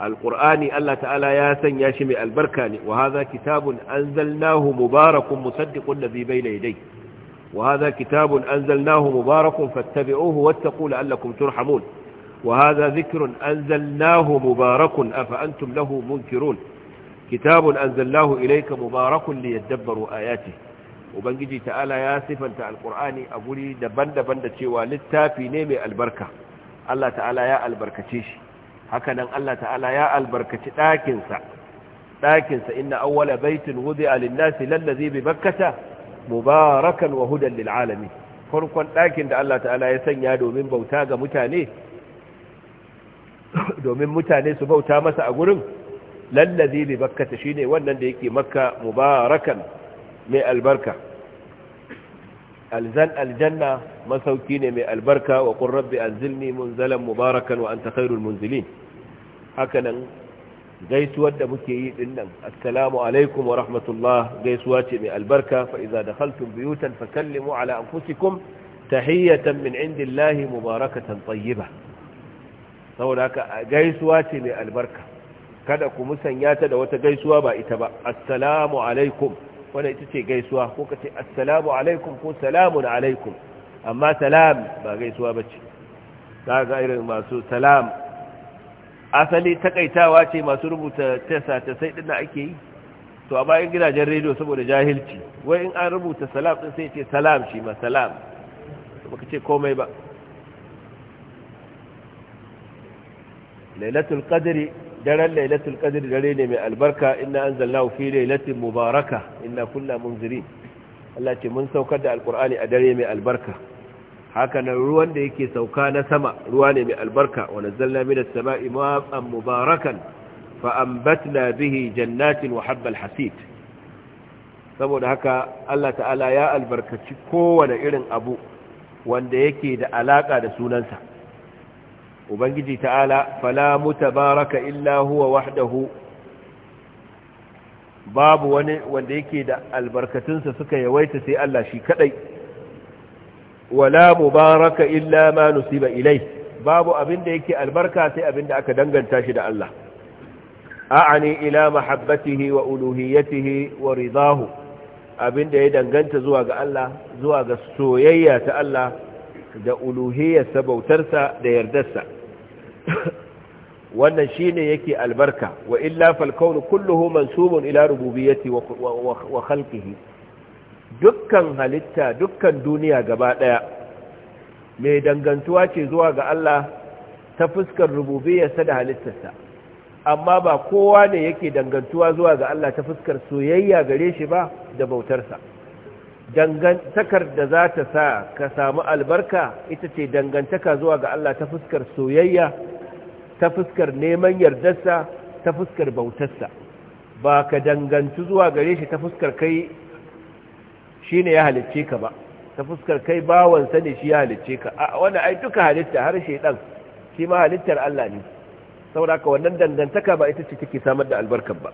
القرآن ألا تعالى يا سن يا البركاني وهذا كتاب أنزلناه مبارك مصدق الذي بين يديه وهذا كتاب أنزلناه مبارك فاتبعوه واتقوا لألكم ترحمون وهذا ذكر أنزلناه مبارك أفأنتم له منكرون كتاب أنزلناه إليك مبارك ليدبروا آياته وبنجي تعالى يا سفن تعالى القرآن أقولي دبن دبن دتشوى للتافي نيمي البركة ألا تعالى يا البركة تشي haka nan Allah ta'ala ya albarkaci ɗakinsa ɗakinsa inna awwala baitin wudi alinnasi lallazi bi bakkata mubarakan wa hudan lil alamin farkon ɗakin da Allah ta'ala ya sanya domin bauta ga mutane *coughs* domin mutane su bauta masa a gurin lallazi bi bakkata shine wannan da yake makka mubarakan mai albarka alzan aljanna masauki ne mai albarka wa qur rabbi anzilni munzalan mubarakan wa anta khairul munzilin hakanan gaisuwar da muke yi din nan assalamu alaikum wa rahmatullah gaisuwa ce mai albarka fa idza dakhaltum buyutan fakallimu ala anfusikum tahiyatan min indillahi mubarakatan tayyiba saboda haka gaisuwa ce mai albarka kada ku musanya ta da wata gaisuwa ba ita ba assalamu alaikum wanda ita ce gaisuwa ko kace assalamu alaikum ko salamun alaikum amma salam ba gaisuwa bace za ga irin masu salam asali takaitawa ce masu rubuta tesa ta sai dinna ake yi to a bayan gidajen rediyo saboda jahilci wai in an rubuta salam din sai ce salam shi ma salam baka ce komai ba lailatul qadri daren lailatul qadri dare ne mai albarka inna anzalnahu fi lailatin mubaraka inna kunna munzirin Allah ce mun saukar da alqur'ani a dare mai albarka hakanan ruwan da yake sauka na sama ruwa ne mai albarka wa da minas sama'i ma'an mubarakan fa'ambat na bihi jannatin wa hasid saboda haka Allah ta'ala ya albarkaci kowane irin abu wanda yake da alaka da sunansa ubangiji ta'ala fala baraka illa huwa wahdahu babu wani wanda yake da albarkatunsa suka yawaita sai Allah shi kadai wala mubaraka illa ma nusiba ilai babu abin da yake albarka sai abin da aka danganta shi da Allah a'ani ila mahabbatihi wa uluhiyatihi wa ridahu abin da ya danganta zuwa ga Allah zuwa ga soyayya ta Allah da uluhiyarsa bautarsa da yardarsa wannan shine yake albarka wa illa fal kaunu kulluhu mansubun ila rububiyyati wa khalqihi dukkan halitta dukkan duniya gaba ɗaya mai dangantuwa ce zuwa ga Allah ta fuskar rububiyarsa da halittarsa amma ba kowa ne yake dangantuwa zuwa ga Allah ta fuskar soyayya gare shi ba da bautarsa dangantakar da za ta sa ka samu albarka ita ce dangantaka zuwa ga Allah ta fuskar soyayya ta fuskar neman yardarsa ta fuskar bautarsa ba ka dangantu zuwa gare shi ta fuskar kai shi ne ya halicce ka ba ta fuskar kai bawansa sani shi ya halicce ka a wanda ai duka halitta har shaidan shi ma halittar Allah ne saboda ka wannan dangantaka ba ita ce take samar da albarkar ba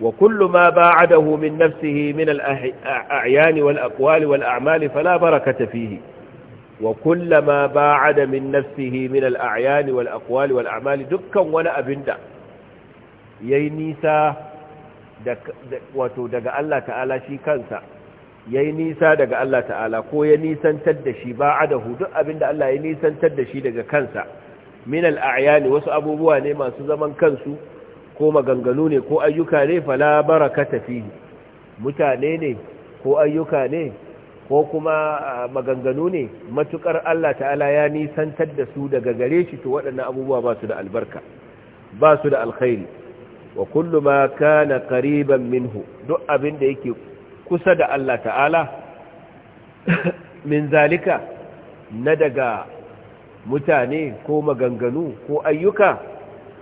wa kullu ma ba'adahu min nafsihi min al-a'yan wal aqwal wal a'mal fala barakata fihi wa kullu ma ba'ada min nafsihi min al-a'yan wal aqwal wal a'mal dukkan wani abinda yayi nisa wato daga Allah ta'ala shi kansa ya nisa daga Allah ta'ala ko ya nisantar da shi ba a da hudu abinda Allah ya nisantar da shi daga kansa min al'ayani wasu abubuwa ne masu zaman kansu ko maganganu ne ko ayyuka ne fala baraka tafi. mutane ne ko ayyuka ne ko kuma maganganu ne matukar Allah ta'ala ya nisantar da su daga gare shi to waɗannan abubuwa ba su da albarka ba su da alkhairi wa kullu ma kana qariban minhu duk abin da yake kusa da Allah ta'ala *laughs* min zalika na daga mutane ko maganganu ko ayyuka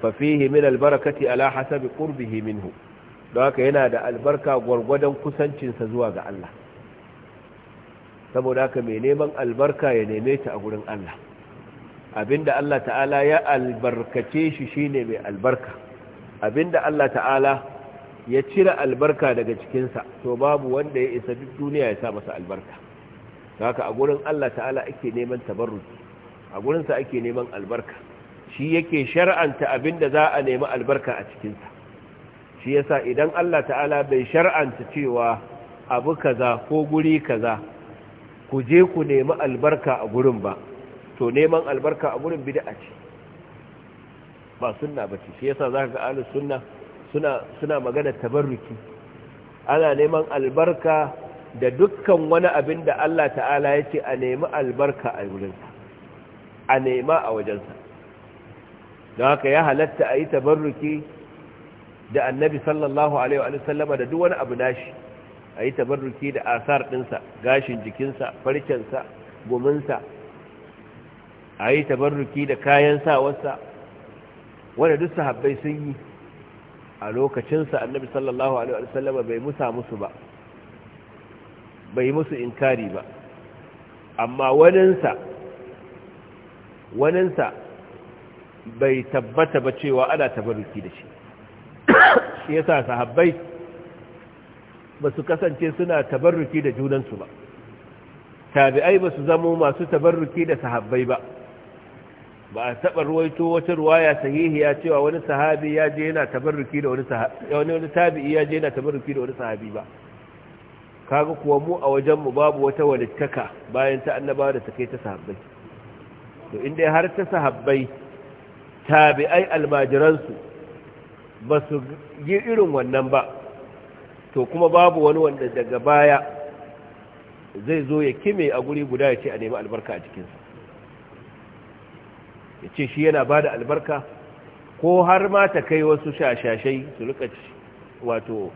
fa fihi min albarakati ala hasabi qurbihi minhu doka haka yana da albarka gwargwadon kusancinsa zuwa ga Allah saboda haka mai neman albarka ya neme ta a gurin Allah abinda Allah ta'ala ya albarkace shi shine mai albarka abinda Allah ta'ala ya cire albarka daga cikinsa to babu wanda ya isa duk duniya ya sa masa albarka haka a gurin Allah ta'ala ake neman tabarruki a gurinsa ake neman albarka shi yake shar'anta abinda za a nemi albarka a cikinsa shi yasa idan Allah ta'ala bai shar'anta cewa abu kaza ko guri kaza ku je ku nemi albarka a gurin ba to neman albarka a gurin bid'a ce ba sunna ba ce shi yasa za ka ga sunna suna suna magana tabarruki ana neman albarka da dukkan wani abin da Allah ta'ala ya ce a nemi albarka a wurinsa a nema a wajensa don haka ya halatta a yi tabarruki da annabi sallallahu alaihi wa sallama da duk wani abu nashi a yi tabarruki da asar ɗinsa gashin jikinsa farkensa gominsa a yi tabarruki da kayan sa sawarsa wanda duk sahabbai sun yi a lokacinsa annabi sallallahu alaihi wasallama bai musa musu ba bai musu inkari ba amma waninsa waninsa bai tabbata ba cewa ana tabaruki da shi shi yasa sahabbai ba su kasance suna tabaruki da junansu ba tabi'ai ba su zamo masu tabaruki da sahabbai ba ba a taɓa ruwaito wata ruwaya sahihi ya cewa wani sahabi ya je yana tabarruki da wani sahabi wani wani tabi'i ya je yana tabarruki da wani sahabi ba kaga kuwa mu a wajen mu babu wata walittaka bayan ta annabawa da take ta sahabbai to in dai har ta sahabbai tabi'ai su ba su yi irin wannan ba to kuma babu wani wanda daga baya zai zo ya kime a guri guda ya ce a nemi albarka a cikinsa ya ce shi yana ba da albarka ko har ma ta kai wasu shashashai su rika wato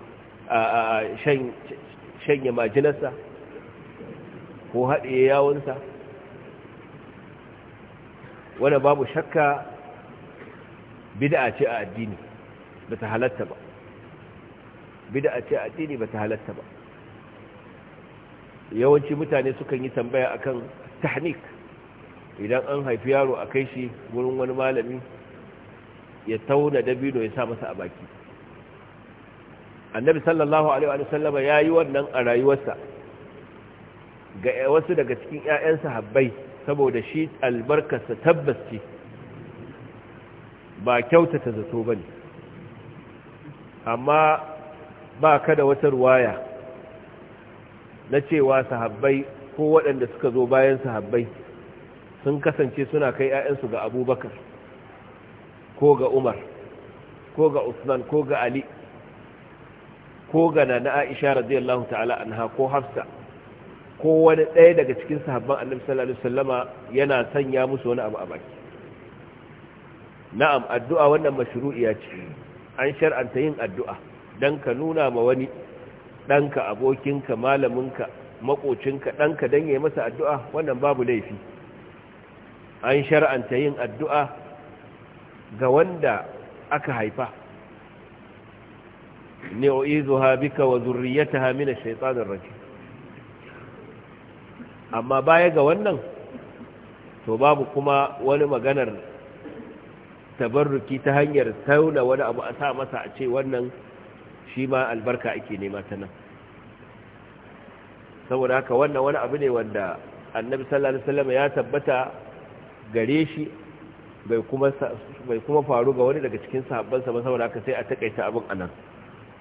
shanye majinarsa ko haɗe yawonsa wadda babu shakka bida ce a addini ba ta halatta ba bida ce a addini ba ta halatta ba yawanci mutane sukan yi tambaya akan tahnik idan an haifi yaro a kai shi wurin wani malami ya tauna dabino ya sa masa a baki annabi sallallahu alaihi wa sallama ya yi wannan a rayuwarsa ga wasu daga cikin 'ya'yan sahabbai saboda shi albarkarsa tabbas ce ba kyautata zato ba amma ba kada wata ruwaya na cewa sahabbai ko waɗanda suka zo bayan sahabbai sun kasance suna kai 'ya'yansu ga abubakar ko ga umar ko ga usman ko ga ali ko ga na aisha radiyallahu ta'ala anha ko hafsa ko wani ɗaya daga cikin sahabban annabi sallallahu alaihi wasallama yana sanya musu wani abu a baki na'am addu'a wannan ya ce an shar'anta yin addu'a dan ka nuna ma wani danka, abokinka malaminka maƙocinka, ɗanka dan yayi masa addu'a wannan babu laifi an shar'anta yin addu'a ga wanda aka haifa ne o izu ha bika wa zurriyata ha mina shaitanin rake amma baya ga wannan to babu kuma wani maganar tabarruki ta hanyar tauna wani abu a sa masa a ce wannan shi ma albarka ake nema ta nan saboda haka wannan wani abu ne wanda annabi sallallahu alaihi wasallam ya tabbata gare shi bai kuma faru ga wani daga cikin sahabbansa ba saboda aka sai a takaita abin anan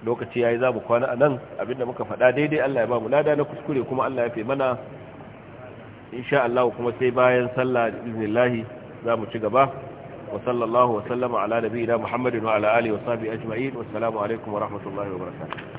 lokaci yayi za mu kwana anan abinda muka faɗa daidai Allah ya ba mu lada na kuskure kuma Allah ya fi mana insha Allah kuma sai bayan sallah iznillahi za mu ci gaba wa sallallahu wa sallama ala nabiyina Muhammadin wa ala alihi wa sahbihi ajma'in salamu alaikum wa rahmatullahi wa barakatuh